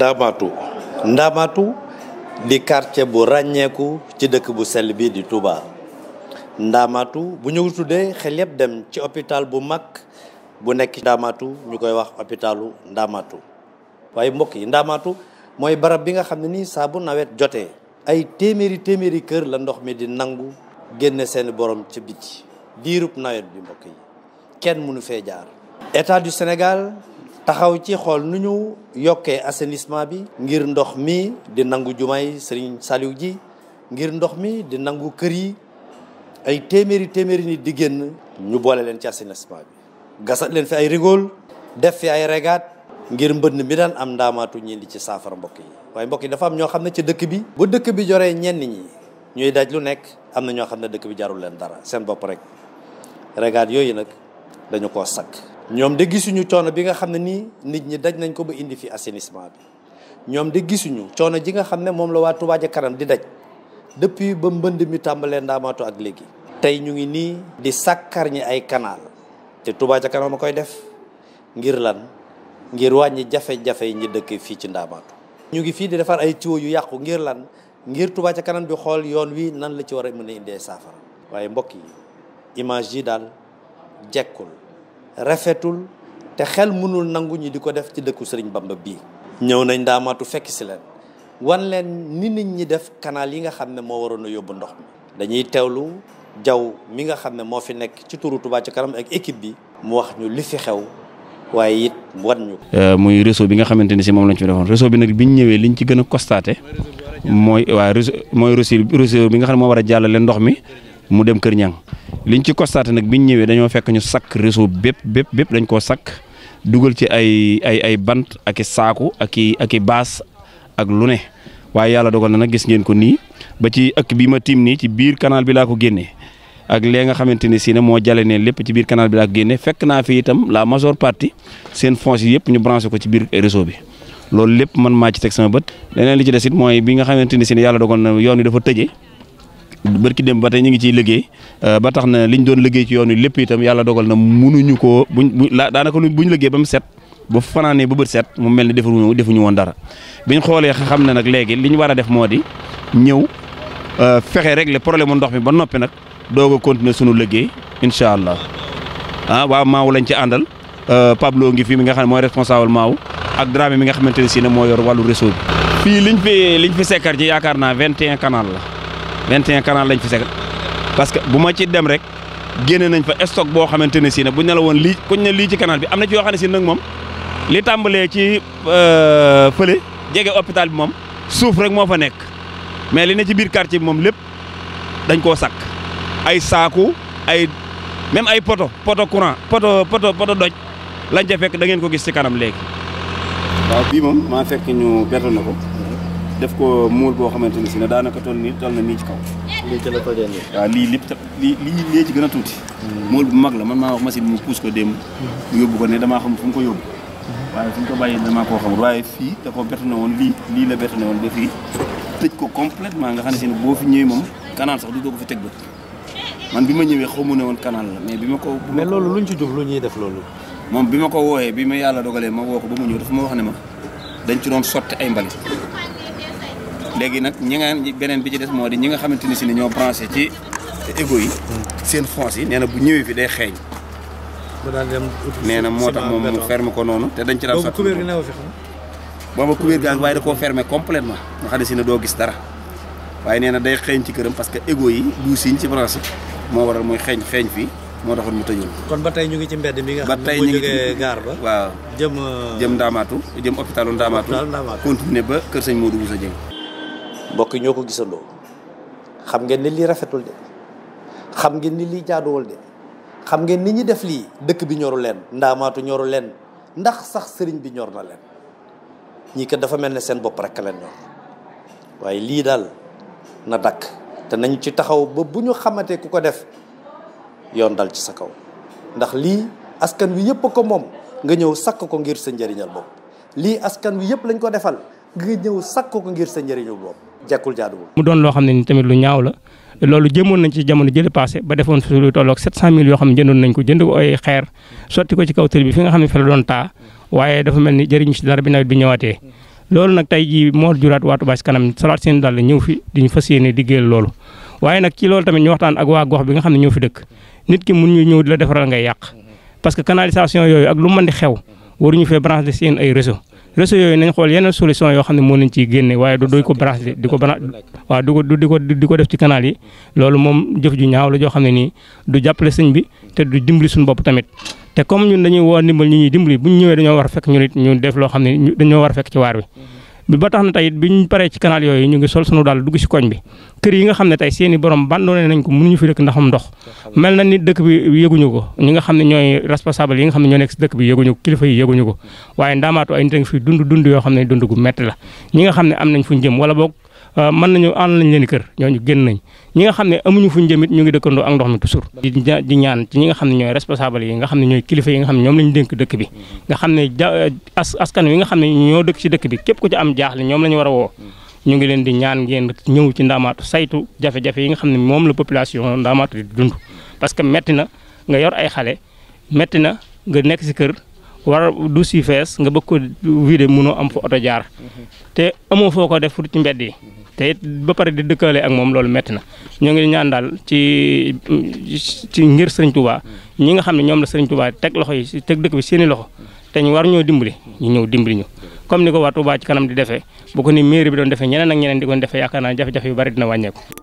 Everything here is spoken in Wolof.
Ndaamaatu Ndaamaatu di quartier bu ràññeeku ci dëkk bu sell bii di Touba Ndaamaatu bu ñu tuddee xel yëpp dem ci hôpital bu mag bu nekk Ndaamaatu ñu koy wax hôpitalu ndamatu waaye mbokk yi Ndaamaatu mooy barab bi nga xam ne nii saa bu nawet jotee ay téeméeri téeméeri kër la ndox mi di nangu génne seeni borom ci biti diirub nawet bi mbokk yi kenn mënu fee jaar état du Sénégal taxaw ci xool nu ñu yokkee assainissement bi ngir ndox mi di nangu jumaay Serigne Saliou ji ngir ndox mi di nangu kër yi ay téeméeri téeméeri nit di génn ñu boole leen ci assainissement bi gasal leen fi ay rigole def fi ay regaat ngir mbënn mi daan am ndaamaatu ñi ci saafara mbokk yi waaye mbokki dafa am ñoo xam ne ci dëkk bi bu dëkk bi joree ñenn ñi ñuy daj lu nekk am na ñoo xam ne dëkk bi jarul leen dara seen bopp rek regaat yooyu nag dañu koo sakk ñoom de gisuñu coono bi nga xam ne nii nit ñi daj nañ ko ba indi fi assainissement bi ñoom de gisuñu coono ji nga xam ne moom la waa Touba ca kanam di daj depuis ba mbënd mi tàmbalee ndaamaatu ak léegi. tey ñu ngi nii di sàkkar ñi ay canal te Touba ca kanam a koy def ngir lan ngir wàññi jafe-jafe yi ñu dëkk fii ci ndaamaatu. ñu ngi fii di defar ay tuyaux yu yàqu ngir lan ngir Touba ca kanam bi xool yoon wi nan la ci war a mën a indee saafara waaye mbokk yi image yi daal jekkul. rafetul te xel mënul nangu ñu di ko def ci dëkku Sëriñ Bamba bii. ñëw nañ daamaatu fekk si leen wan leen ni nit ñi def kanaal yi nga xam ne moo waroon a yóbbu ndox mi dañuy teewlu jaw mi nga xam ne moo fi nekk ci turu Touba Ca Kanam ak équipe bi mu wax ñu li fi xew. waaye it wan ñu. Euh, muy bi nga xamante ni si moom lañ ci defoon réseau bi nag bi ñu ñëwee liñ ci gën a constaté mooy waa réseau mooy réseau bi nga xam ne moo war a jàllale ndox mi. mu dem Kër Ñang liñ ci constaté nag bi ñu ñëwee dañoo fekk ñu sakk réseau bépp bépp bépp dañ koo sakk dugal ci ay ay bant ak i saaku ak i ak i baas ak lu ne waaye yàlla dogal na nag gis ngeen ko nii ba ci ëkk bi ma tiim nii ci biir canal bi laa ko génne ak lee nga xamante ne si ne moo jale ne lépp ci biir bi laa ko fekk naa fi itam la majeure partie seen foncier yi yëpp ñu branché ko ci biir réseau bi loolu lépp man maa ci teg sama bët leneen li ci des mooy bi nga xamante ne si yàlla dogal na yoon wi dafa tëjee bërki dem ba tey ñu ngi ciy liggéey euh, ba tax na liñ doon liggéey ci yoon wi lépp itam yàlla dogal na munuñu ko buñ bu daanaka buñ liggéey ba mu set ba fanaanee ba bët set mu mel ni defuñu defuñu woon dara biñ xoolee xam ne nag léegi li ñu war a def moo di ñëw euh, fexe régler problème mu ndox mi ba noppi nag doog a continuer sunu liggéey incha allah ah waaw maaw lañ ci àndal euh, Pablo ngi fi mi nga xam ne mooy responsable maaw ak Dramé mi nga xamante ne si moo yor wàllu reso bi. fii liñ fi liñ fi sekkar ci yaakaar naa 21 canal la. 21 canal lañ fi segal parce que bu ma ci dem rek génne nañ fa stock boo xamante ne si ne buñ woon lii kuñ ne lii ci canal bi am na ci yoo xam ne si nag moom li tàmbalee ci euh, fële jege hôpital bi moom suuf rek moo fa nekk mais li ne ci biir quartier bi moom lépp dañ koo sakk ay saaku ay même ay poto poto courant poto poto poto doj lañ ca fekk da ngeen ko gis ci kanam léegi. waaw bii moom maa fekk ñu bett na ko. def ko muur boo xamante ni si na daanaka toll nii toll na nii ci kaw. la tojee nii. waaw lii lépp lii lii lii gën a tuuti. Hmm. muur bu mag la man maa wax machine bi mu puus ko démb. Hmm. yóbbu ko ne damaa xam fu mu ko yóbbu. Hmm. waaye fu mu ko bàyyi damaa koo xamul waaye fii da ko bett na woon lii lii la bett na woon ba fii tëj ko complètement nga xam ne si ne boo fi ñëwee moom canal sax du doo ko fi teg ba man bi ma ñëwee xamu ne woon canal la mais bi ma ko. mais loolu luñ ci jub lu ñuy def loolu. moom bi ma ko wooyee bi ma yàlla dogalee ma woo ko ba mu ñëw dafa ma wax ne dañ ci doon sotti ay mbalit léegi nag ñi nga beneen bi ci des moo di ñi xamante ni si ni ñoo branché ci égo yi seen fonce yi nee na bu ñëwee fii day xeeñ nee na moo tax moom mu ferme ko noonu te dañ ci daan sax booba kubéer gaa ngi waaye da koo fermé complètement nga xam ne si ne doo gis dara waaye nee na day xeeñ ci këram parce que égo yi bu ci branché moo waral muy xeeñ xeeñ fii moo taxoon mu tëjoon kon ba tey ñu ngi ci mbedd mi nga xam ne ñu jógee gaar ba waaw jëm jëm ndaamaatu jëm hôpitalu ndaamaatu continué ba kër sëñ Modou Boussa Dieng mbokk ñoo ko gisandoo xam ngeen ni lii rafetul de xam ngeen ni lii jaaduwul de xam ngeen ni ñi def lii dëkk bi ñoru leen ndaamaatu ñoru leen ndax sax sëriñ bi ñor na leen ñii kat dafa mel ne seen bopp rek leen ñor waaye lii daal na dakk te nañu ci taxaw ba bu ñu xamatee ku ko def yoon dal ci sa kaw ndax lii askan wi yëpp ko moom nga ñëw sakk ko ngir sa njëriñal bopp lii askan wi yëpp lañ ko defal nga ñëw sakk ko ngir sa njëriñal bopp jekkul jaaduwul. mu doon loo xam ne ni tamit lu ñaaw la loolu jëmoon nañ ci jamono jële passé ba defoon fi lu tolloog 700000 yoo xam ne jëndoon nañ ko jënd ko ay xeer sotti ko ci kaw tër bi fi nga xam ne fa la doon taa waaye dafa mel ni jëriñu ci dara bi nawet bi ñëwaatee. loolu nag tey jii moo juraat waa Touba Kanam salaat seen dàll ñëw fi di ñu fas yéene liggéeyal loolu waaye nag ci loolu tamit ñu waxtaan ak waa gox bi nga xam ne ñoo fi dëkk nit ki mun réseau yooyu nañ xool yenn solution yoo xam ne moo nañ ciy génne waaye du duñ ko branché di ko bran waaw du di ko def ci canal yi loolu moom jëf ju ñaaw la joo xam ne nii du jàppale sëñ bi te du dimbali suñu bopp tamit te comme ñun dañuy woo ndimbal ñi ñuy dimbali bu ñu ñëwee dañoo war a fekk ñu nit ñu def loo xam ne dañoo war a fekk ci waar wi ba tax na tey bi ñu paree ci canal yooyu ñu ngi sol sunu daal dugg si koñ bi kër yi nga xam ne tey seen i borom bandoone nañ ko mënuñu fi dëkk ndaxam ndox mel na ni dëkk bi yëguñu ko ñi nga xam ne ñooy responsable yi nga xam ne ñoo nekk si dëkk bi yëguñu ko kilifa yi yëguñu ko waaye ndaamaatu ay nit a ngi fi dund dund yoo xam ne dund gu metti la ñi nga xam ne am nañ fu ñu jëm wala boog Euh, mën nañu ànd nañ leen kër ñooñu génn nañ ñi nga xam ne amuñu fuñ jëmit ñu ngi dëkkandoo ak ndox mi toujours di ñaan ci ñi nga xam ne ñooy responsable yi nga xam ne ñooy kilifa yi nga xam ne ñoom lañu dénk dëkk bi nga xam ne as askan xam ne ñoo dëkk ci dëkk bi képp ku ci am jaaxle ñoom lañu war a woo ñu ngi leen di ñaan ñëw ci ndaamaatu saytu jafe-jafe yi nga xam ne moom la population ndaamaatu dund parce que metti na nga yor ay xale metti na nga nekk si kër war du si fees nga bëgg ko wii vidé munoo am fa ot jaar mm-hmm. te ba pare di dëkkaale ak moom loolu metti na ñoo ngi ñaan daal ci ci ngir sëriñ Touba ñi nga xam ne ñoom la sëriñ Touba teg loxo yi teg dëkk bi seeni loxo te ñu war ñoo dimbali ñu ñëw dimbali ñu comme ni ko waa Touba ci kanam di defee bu ko ni mairie bi doon defee ñeneen ak ñeneen di ko defee yaakaar naa jafe-jafe yu bari dina wàññeeku.